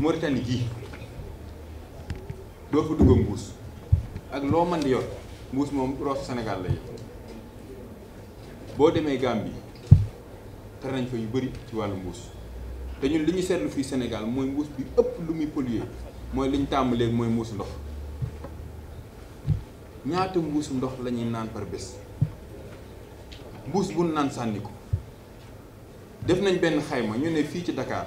Mauritanie gi do fa dugg mbuss ak lo man di yor mbuss mom roos Sénégal lay bo boo Gambie tar nañ fa yu bari ci walu mbuss té ñun liñu sétlu fi fii Sénégal mooy mbuus bi ëpp lu mi polluer moy liñ tambalé moy mbuss ndox ñaata mbuss ndox lañuy naan par bes mbuss bu naan sànni def nañ ben xayma ñu né fi ci Dakar.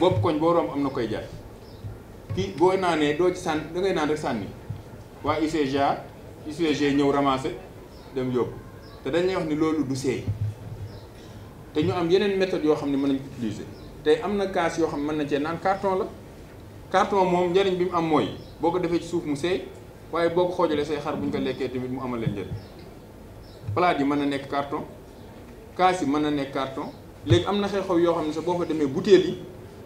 bopp koñ boo romb am na koy jaay kii boo naanee doo ci sànni da ngay naan rek sànni waa UCG UCG ñëw ramasser dem yóbbu te dañ lay wax ni loolu du seey te ñu am yeneen méthode yoo xam ne mën nañ ko utiliser tey am na kaas yoo xam ne mën na cee naan carton la carton moom njëriñ bi mu am mooy boo ko defee ci suuf mu seey waaye boo ko xoojalee say xar bu ñu ko lekkee tamit mu amal leen njëriñ palaat yi mën na nekk carton kaas yi mën na nekk carton léegi am na xew-xew yoo xam ne sax boo fa demee butéel yi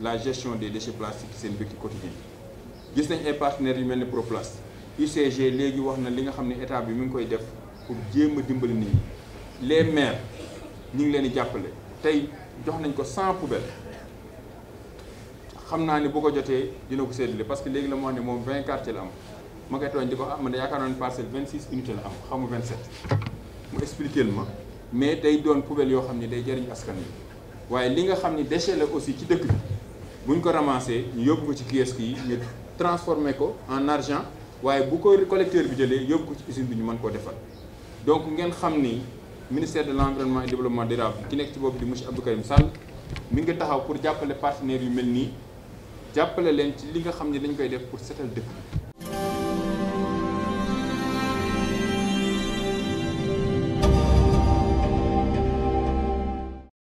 la gestion des déchets plastiques c'est une quotidien quotidienne nañ ay partenaire yu mel ni Proplast UCG léegi wax na li nga xam état bi mi koy def pour jéem a dimbali nit ñi les maires nous les avons appelés jàppale tey jox ko 100 poubelles je sais que bu ko jotee dina ko séddale parce que léegi la mu wax moom 20 quartiers la am ma koy tooñ di am ah, man de yaakaar 26 unités la am xamu 27 mu expliqué mais day doon poubelle des poubelles ne day jëriñ askan wi li nga xam ne la aussi ci dëkk buñ ko ramassé ñu yóbbu ko ci kiosque yi ñu transformer ko en argent waaye bu ko collecteur bi jëlee yóbbu ko ci usine bi ñu mën koo defal donc ngeen xam ni ministère de l' environnement et développement durable ki nekk ci boobu di monsieur Abdou Karim Sall mi ngi taxaw pour jàppale partenaires yu mel nii jàppale leen ci li nga xam ne dañ koy def pour setal dëkk bi